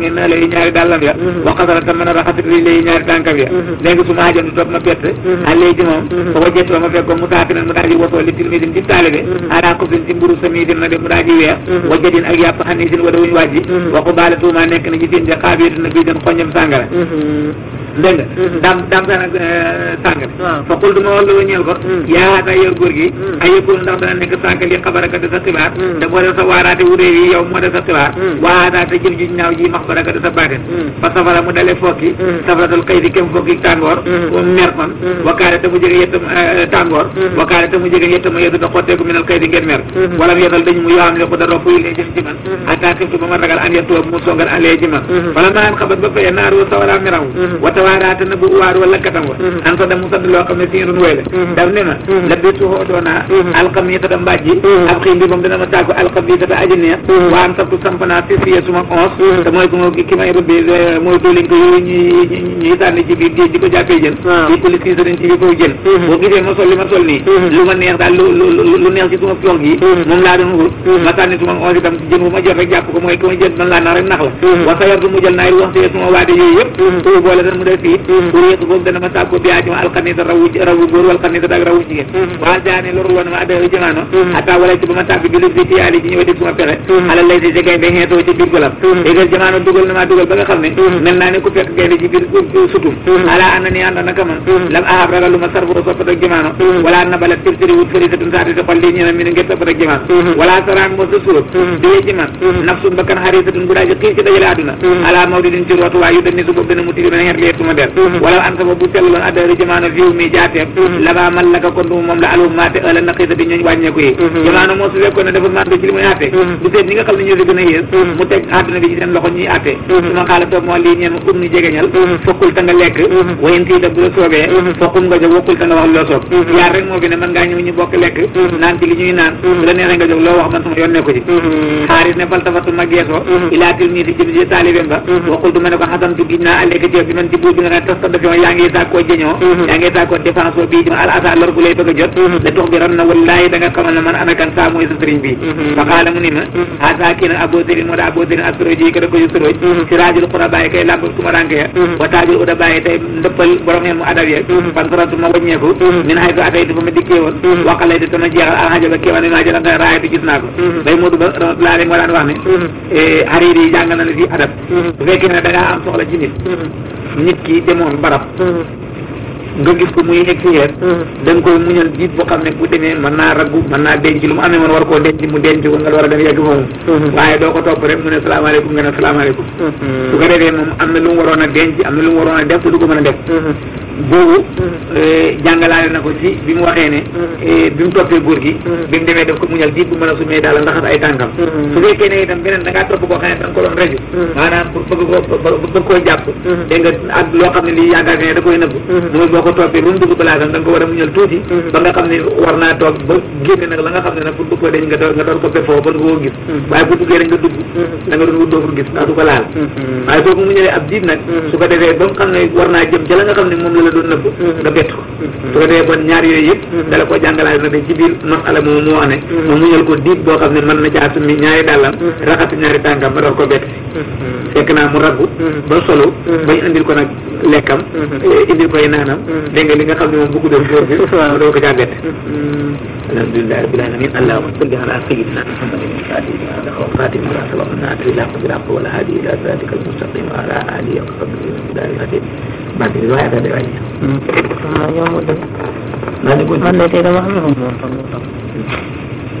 ne na lay ñaari dàllam mhm. ya wa a te mën a raxasit ri lay ñaari tànkam mhm. ya léegi su ma ajandu topp ma pett mhm. allay ah, ci moom ba ko jettoo ma fekk ko mu taatinan mu daal di wasoo li tirmidin ci taalibe ala ah, xubsin ci mburu samidin na de mu daal di weex wajadin ak yàpp xanisin wada wuñu wàjji nekk na ci seen ko de sa xibaar da moo def sa waaraate wu réew yi yow moo def sa xibaar waaraate jëf ju ñaaw ji max ko safara mu dalee fokki safaratul xëy fokki tàngoor wa merkon wakaare te mu jege yettam tàngoor wakaare te mu jege yettam mu yetal mu yoo mu songal an wa tawaaraata na bu waar wala katam wa am sabtu samp naa fi fiye suma onze te mooy moo ki may rëbbi euh, mooy doolin ko yooyu ñuy ñuy sànni ci biir géej ko jàppee jën ah. mm-hmm. boo gisee ma sol li ma sol nii mm-hmm. lu ma neex daal lu lu neex ci suma piox gi mm-hmm. moom laa doon rek jàpp ko mooy ku rek wa sawartu mu jël naay wax suma waade yooyu yëpp pour boole tan mu def fii pour yëq boobu dana ma sàkko biyaa ci ma alxanita rawu rawu góor wal xanita ak rawu jigéen waa jaani loru woon ma adda ci ma tàbbi bi lu fi ci yaali ci ñëw di suma ci dugal na maa dugal ba nga xam ne mm-hmm. mel naa ne ku fekk gaynde ci biir sutum mm-hmm. ala anna ni ànda na bala a man la baa man laka la alum maate ëla naqisati ñooñ wàññeeku yi mm-hmm. jamaano moo su fekkoon ne dafa mànd ci li muy àtte du seet ñi nga xam ne ñoo si gën a yées mu teg àdduna bi ci seen loxo ñuy fàtte suma mhm. xaalata moo lii ñeen um ni jegeñal mhm. fokkul ta nga lekk mhm. wayentii da bu la soobee fokkum nga jóg wokkul ta nga wax lu la soob yaar rek moo fi ne mën ngaa ñëw ñu bokk lekk naan ci li ñuy naan bu la neexee nga jóg loo wax man sama yoon nekku ci xaarit ne faltafatu ma geesoo ilaa tilmiidi jëli ji taalibeem ba wokkul du ne ko xasantu giñ naa àlleeka jëf bi man ci buur bi nga tas ta dafion yaa ngi sàkkoo jëñoo yaa ngi sàkkoo défense a way raajul xurabaay kay làmbul tumaranke ya mm-hmm. wa taajul udabaay tey ndëppal borom xel mu adab ya mm-hmm. fan faratu ma waññeeku mm-hmm. min ay to atay dafa ma dikkee woon waqalay di tana jeexal alxajaba kéeman naa jëla nga raayatu gis naa ko bay moodu ba laa leen walaan wax ne eh, xarit jàng na ne si adab bu fekkee ne da ngaa am soxla ci nit nit ki demoon barab nga gis ko muy egg weer hmm. da nga koy muñal jiit boo xam ne bu demee mën naa raggu mën naa denc lu mu amee man war koo denc mu denc ko nga war a dem yegg moomu hmm. waaye doo ko topp rek mu ne salaamaaleykum nga ne salaamaaleykum hmm. su ko defee moom am na lu mu waroon a denc am na lu mu waroon a def du ko mën a def boobu eh, jàngalaale na ko ci bi mu waxee ne eh, bi mu toppee góor gi bi mu demee def ko muñal jiit bu mën a sumee daal ndaxas ay tànkam su fekkee ne itam beneen da ngaa topp koo xam ne da nga ko doon reju maanaam pour bëgg koo bëgg koo jàpp dégg nga ak loo xam soo ko toppee ba mu dugg place am da nga ko war a muñal tuuti mm-hmm. ba nga xam ne war naa toog ba génne nag la nga xam ne nag pour bëgg ko deñ nga door ko pefoo ba nga gis mm-hmm. nga dugg mm-hmm. da nga doon wut doo ko gis ndax du ko laal waaye soo ko muñalee ab diib nag su ko defee ba nga xam ne war naa jëm ca la nga xam ne moom la doon nëbb nga bett ko su ko defee bon ñaar yooyu yëpp dala koo jàngalaale na de ci biir noon ala moom moo ne mu muñal ko diib boo xam ne mën na caa summi ñaari dàllam raxas ñaari tànkam Mm. dégg nga li nga xam ne moom bëggu doon góor bi doo ko caa bett mm. alhamdulilah rabbil alamin allahumma salli ala sayyidina muhammadin الخاتم الأسرى الناس بالحق بالحق والهادي إلى صراطك المستقيم وعلى آله وصحبه وسلم العظيم ما في رواية هذا رواية ما يقول ما نقول ما نقول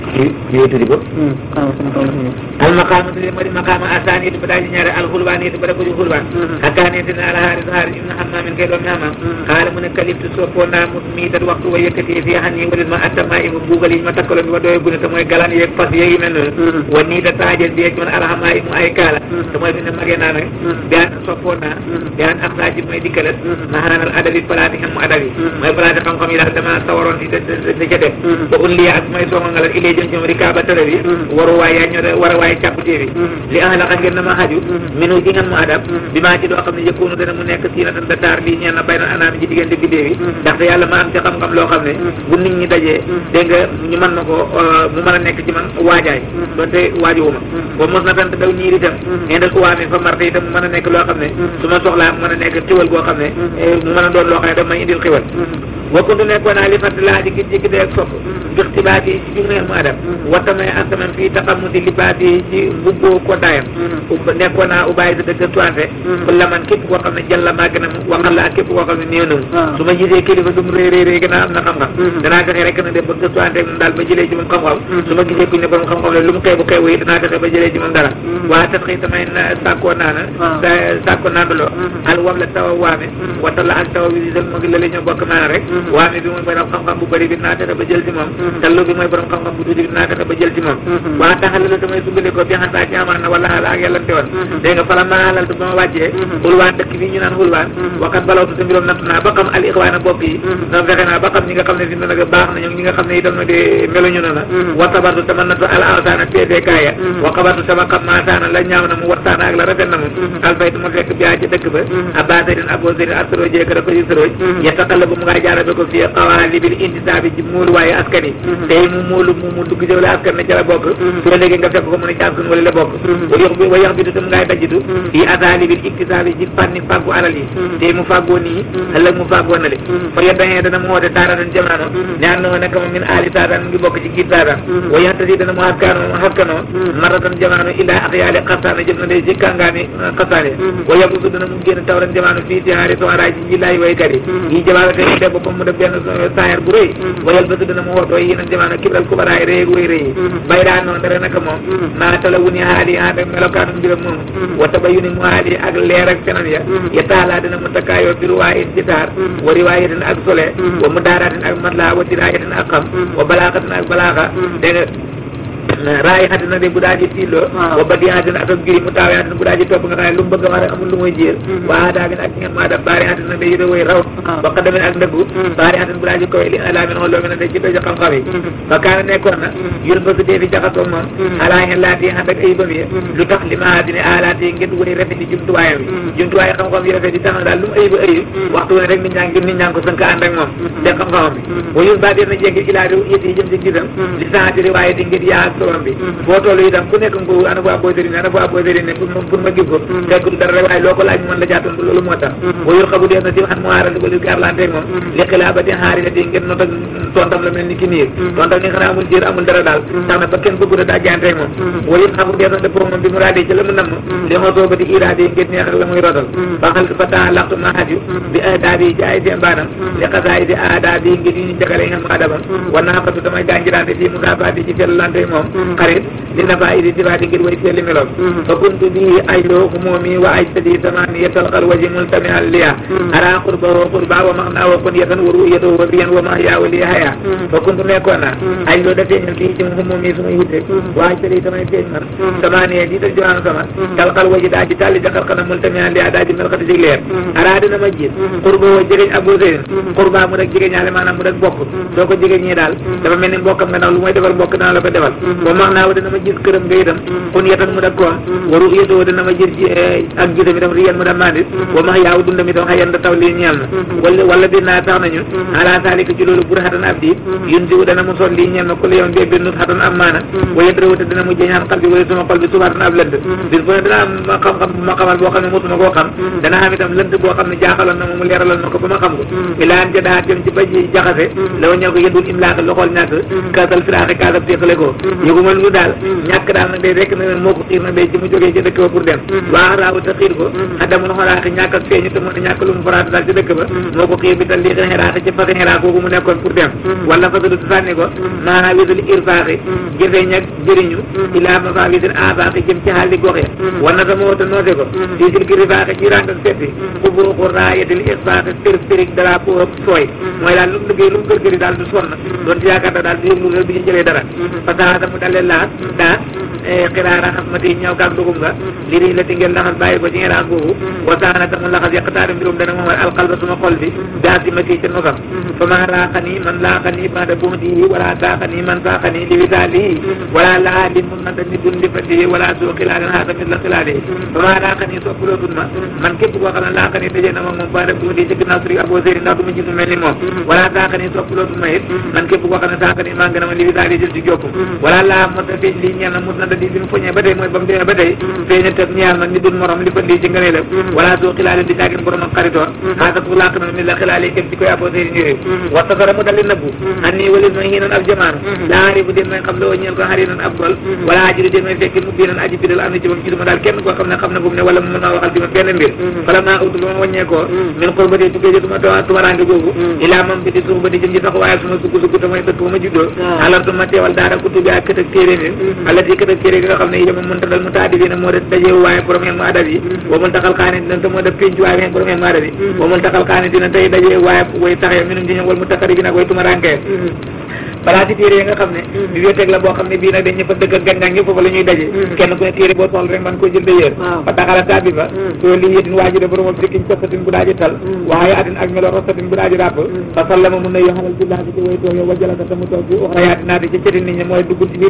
ma ko al maqamatu ɗe mbaɗi maqama asaniyete mbaɗaji ñaare al hulwaniyete mbaɗa kodi hulwan hakkanetene ala haris haris ibne hammamin kay ɗon nama haala mune kaliftu soppo namut mitat waktu o yekkati fi hanni waɗitma attama ima guugal yima takkalo mi waɗo e gune tamoye galan yeg fas yeyi men noon hmm. wonnita taje mbiye joni arahama imu ay kaala hmm. tamoye mine magenana mbiyan hmm. soppona mbiyan arsaji moye ɗikkalat mahanal adali palati hemmo adali moye palati kam kam yiɗa dema sawaron ɗe jete ko day jëm jëm rikaaba tëra bi mm. waru waay yaa ñoo war a waaye càpptée bi mm. li ahlaqa ngir na ma xaju mm. minu ci nga mu adab bi maa ci doo xam ne yëkkoonu dana mu nekk sii na tan da taar lii ñeen na bay na anaami ci diggante bindee bi ndaxte yàlla ma am ci xam-xam loo xam ne bu nit ñi dajee dégg ñu mën ma ko euh, mu mën a nekk ci man waajaay doonte waajowu ma ba mos na tant daw ñiir itam indal uwaami fa marte itam mu mën a nekk loo xam ne su ma soxlaa a eh, a adam watamay asaman fii taqammudi libaati ci bubboo ko dayam mm-hmm. nekkoon naa ubaay sa dëgg toante ku mm-hmm. laman mu waxal laa képp koo a am mm-hmm. danaa fexe ba gëstuwaanteeg ci moom xam ah. bi mooy borom xam-xam bu bëri bi naa fexe ba jël ci moom tallu bi mooy borom xam-xam bu tuuti dinaa fexe ba jël ci moom mm-hmm. waa taxal la samay sukkandiku bi xan taa ci amaan na wala xaala ak yàllante woon mm-hmm. dégg nga fala maa xalal tu ba ma wàccee xulwaan mm-hmm. dëkk bi ñu naan xulwaan waxat balawtu sa mbiroom nattu naa ba xam al ixwaan a bokk yi noonu fexe naa ba xam ñi nga xam ne fi nag baax na ñoom ñi nga xam ne itam na de meluñu noona wa sabartu sama nattu al awsaana na mu wattaana ak la rafet na mu alfaytu ma fekk biyaa ci dëkk ba abasarin abosarin ak soro jeeka da ko ci soroj yetaqala bu mu ngaa jaarabe ko fii xawaali bil intisaabi ci muulu waaye askan yi tey mu muulu mu dugg jëw la askan ne ca la bokk soo mm-hmm. léegi nga fekk ko mu ne ca askan wala la bokk wa mm-hmm. yox bi wa yax bi du tam ngaay dajitu mm-hmm. fii asaali bi iktisaabi ci fànni fàggu alal yi tey mu fàggoo nii ëllëg mu fàggoo na le fa yeddaxee dana mu woote taaratan jamono ne and na naka min aali taataan mu ngi bokk ci giit taataan wa yax tasi dana mu na lay ci uh, mu génn tawran jamono fii tiaari soxaraay ci njillaay waykat yi mu def benn uh, saayar bu rëy wa yalbasu reeguy rëy mm-hmm. bayraa noonu dara naka moom maa mm-hmm. tala wu ni haali yi ànd ak melokaanum mbiram moomu mm-hmm. wa tabayu ni mu haali ak leer ak fenam ya yettaalaa dina mu takkaayoo bi ruwaayin ci taar wa riwaayatin ak sole wa mu daaraatin ak matlaa wa diraayatin ak xam wa balaaxatin ak balaaxa dégg raay àddina de bu daa ji tiiloo wa ba di àddina ak ak juri mu taawee àddina bu daa ji topp nga xam ne lu mu bëgg a wax rek amul lu muy jéer hmm. waa daa min ak ngeen maa dam baari àddina de yëda way raw ah. baka damin ak ndëggu hmm. baari àddina bu daa ji koy li alaa min wala min a de ci dojo xam-xam yi hmm. ba kaana nekkoon na yun ba su dee fi jaxasoo moom alaa ngeen laati ànd ak ayibam yi lu tax li maa dina alaati ngeen way rafet yi jumtuwaayam yi jumtuwaay xam-xam yi rafet yi tax na daal lu mu ayiba ayib waxtu ne rek nit ñaa ngi nit ñaa ngi ko sënk ànd ak moom de xam-xamam bi wa yun ba dee na jéggi ilaa bi yëti yi jëm ci gisam li senti riwaaye di ngir yaa borom bi mm-hmm. boo toll itam ku nekk nga ko ana fu aboytari ne ana fu aboytari ne pour pour ma gis ko fekk mm-hmm. du dara waaye loo ko laaj mën la jàttoon bu loolu moo tax mm-hmm. wayul xabu dees na si xan moom bi mu raadee ci la mu namm li ma soo ba di iraade ngeen neex ak la muy rotal baxal fa temps laxtu maxat yu bi aadaabi yi ci ay seen baanam li xasaay di aadaabi ngeen yi ñu jagale ngeen mu adabam war naa fatu damay gànjirante fii mu kaafaati ci sellante moom xarit li nafa idi sifaati ngir way a meloom mm-hmm. fa kuntu bii aj loo xumoomi wa aj tadi tamaani yetal xal waji multamian liya mm-hmm. ara qurba wa qurba wa maxna wa kun yetan wa ruyata wa biyan wa mahya wa li haya mm-hmm. fa kuntu nekkoon na aj loo da feeñal fii ci xumoomi sumay yitte wa aj tadi samay feeñ man tamaani di dal joxaan sama kal xal waji daa ji tàlli ja xal xana multamian mel xati jig leer ara dina ma gis qurba wa max naa wa dana ma gis këram nga itam xun mm. yetan mu xam-xam bu ma xamal boo xam ne mosuma koo xam mm. dana am itam lënd boo xam ne jaaxaloon na mu leeraloon ma ko ba ma xam ko mm. ilaan ja daa jëm ci ba jaxase la wa ko yëndul imlaaka loxool ñàkk kasal firaaxe kaasab téqale ko tuumal lu daal ñàkk daal nag day rekk na leen moo ko xiir na day ci mu jógee ci dëkk ba pour dem mm-hmm. waa raawu te xiir ko mm-hmm. adamul xolaati ñàkk ak feeñu te mën a ñàkk lu mu faraatu daal ci dëkk ba mm-hmm. moo ko xiir bi tal lii xen xeraati ci fase xeraa kooku mu nekkoon pour dem wala fasadu sànni ko maanaam wisul irfaaxi jëfeeñ ak jëriñu ilaa ma faa wisul aabaaxi jëm ci xaalli gox ya wala sa moo ta noote ko fii silki rifaaxi ci ràng setti xuboo ko raayatil irfaaxi pir le laas da eh, xiraara xasmati ñaw kaak dugum nga li riñ la ti ngeen laxas bàyyi ko ci ngeen àgguhu wasaana tamu laxas yaqtaari mbirum dana moom alqalba suma xol bi daa si ma ci ca nosam fa ma laaxani man laaxani bada buutihi wala saaxani man saaxani li wisaalihi wala laa li mun nanta ni dun li fatihi wala suu xilaalin xaasa mit la xilaalihi fa ma laaxani soppalootul ma man képp koo xam ne laaxani dajee na moom moom bada buutihi ca ginnaaw suri aboo séri ndax du ma gis mu mel ni moom wala saaxani soppalootul ma it man képp koo xam ne saaxani maa nga na ma li wisaalihi jëm ci jokkum wala laa mm. wa satara mu daldi nëbbu mm. an nii walis xari bu dee mooy xam loo ñeel ko xari ab gol mm. wala aji du dee mooy fekk mu bii noon aji bidal am na ci ma benn mbir wala maa ut ba ma googu ilaa moom bi di suuf ba di jëm sax waaye suma sukk sukk te mooy dëkk ba ma juddoo ah. alors ma teewal daara ku tubi ak ak téere bi alati kat ak téere gi nga xam ne i dama mën tadal mu taadibina moo def dajewu waaye borom xel mu adab yi wa mën taxal kaane dina te moo def pénc waaye borom xel mu adab yi wa mën taxal kaane dina tey daje waaye way taxee minum ci ñoom wala mu taxari gi nag way tumaraankee balaa ci téere yi nga xam ne bibliothèque la boo xam ne bii nag dañ ñëpp a dëkk ak gan-gan ñëpp foofu la ñuy daje mm. kenn ku ne téere boo soxla rek man koo jël dayéer fa taxala tabi ba soo li yétin waa ji de boromam sikkiñ kosatin bu daaji tal mm. waxaya atin ak melo rosatin bu daaji ràpp mm. fa sallama mun na yoxanal ci laa ci way toog yow wa jalasa tamu toog bi uxrayaati naati ci cëti nit ñi mooy dugg ci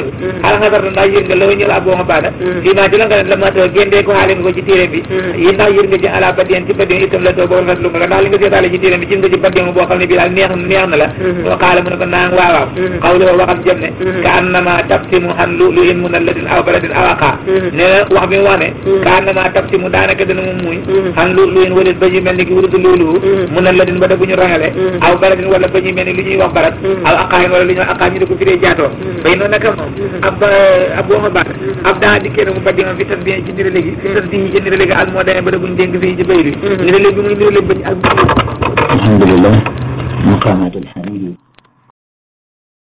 yëngal hal mm. xasarta mm. ndax yër nga lawo ñël aboo ma baada fii maa ci la nga mm. ne la ma too géndee ko xaale nga ko ci bi mu ne ne ka annama tabtimu an lu'lu'in mu wax ne dana mu muuñ an lu'lu'in walit ba ñuy ba ñu mel ni li ñuy wax barat aw aqaa wala li ñuy wax ñu di ko firee jaatoo bay noonu naka moom ab ab waxabaat ab daa dikkee na mu ba dima fi tas bi ci ndira léegi fi tas bi ci ndira léegi al moo demee ba daguñ dénk fii ci bayri ndira léegi bi muy ndira léegi bañ ak alhamdulillah maqamatul